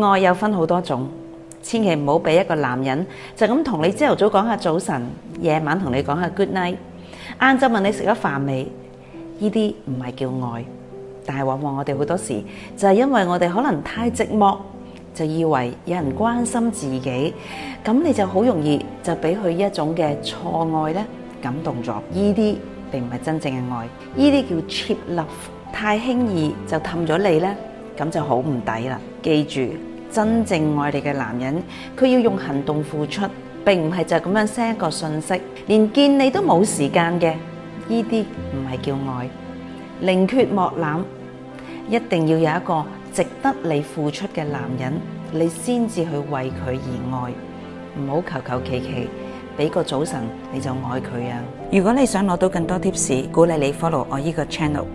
愛又分好多種，千祈唔好俾一個男人就咁同你朝頭早講下早晨，夜晚同你講下 good night，晏晝問你食咗飯未，呢啲唔係叫愛，但係往往我哋好多時就係因為我哋可能太寂寞，就以為有人關心自己，咁你就好容易就俾佢一種嘅錯愛咧感動咗，呢啲並唔係真正嘅愛，呢啲叫 cheap love，太輕易就氹咗你呢。咁就好唔抵啦！記住，真正愛你嘅男人，佢要用行動付出，並唔係就咁樣 send 一個信息，連見你都冇時間嘅，呢啲唔係叫愛。寧缺莫濫，一定要有一個值得你付出嘅男人，你先至去為佢而愛。唔好求求其其，俾個早晨你就愛佢啊！如果你想攞到更多 tips，鼓勵你 follow 我呢個 channel。